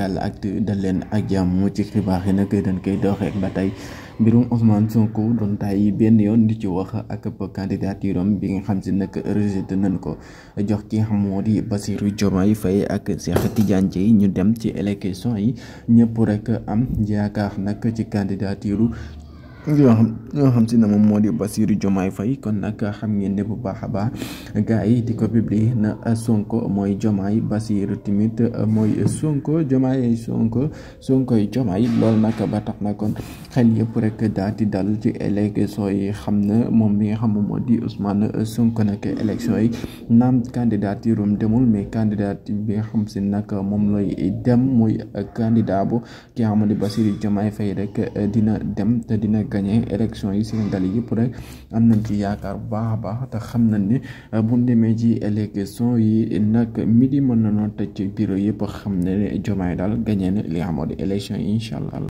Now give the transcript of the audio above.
yàlla ak dal leen ak jàmm ci xibaax yi nag dañ koy doxee ba tey mbirum Ousmane Sonko doon tàyyi benn yoon di ci wax ak candidature am bi nga xam si nag rejeté nañ ko jox ki xam moo di Bassirou Diomaye fay ak Cheikh Tidiane yi ñu dem ci élection yi ñëpp rek am yaakaar nag ci candidature li nga xam li nga xam si ne moom moo di Bassirou Diomaye Faye kon nag xam ngeen ne bu baax a baax gars yi di ko publier na Sonko mooy Diomaye Bassirou tamit mooy Sonko Diomaye Sonko Sonkoy Diomaye loolu nag ba tax na kon xel yëpp rek daal di dal ci élection yi xam na moom mi nga xam moo Sonko nag élection yi naam candidature demul mais candidat bi xam si nag moom looy dem mooy candidat bu ki nga xam ne fay rek dina dem te dina. gagné élection yi Sénégal yëpp rek am nañ ci yaakaar bu baax a baax te xam nañ ne euh, bu demee ci élection yi nag midi mën na noo ci bureau yëpp xam ne Diomaye daal gagné na li nga xamoo di élection yi incha allah.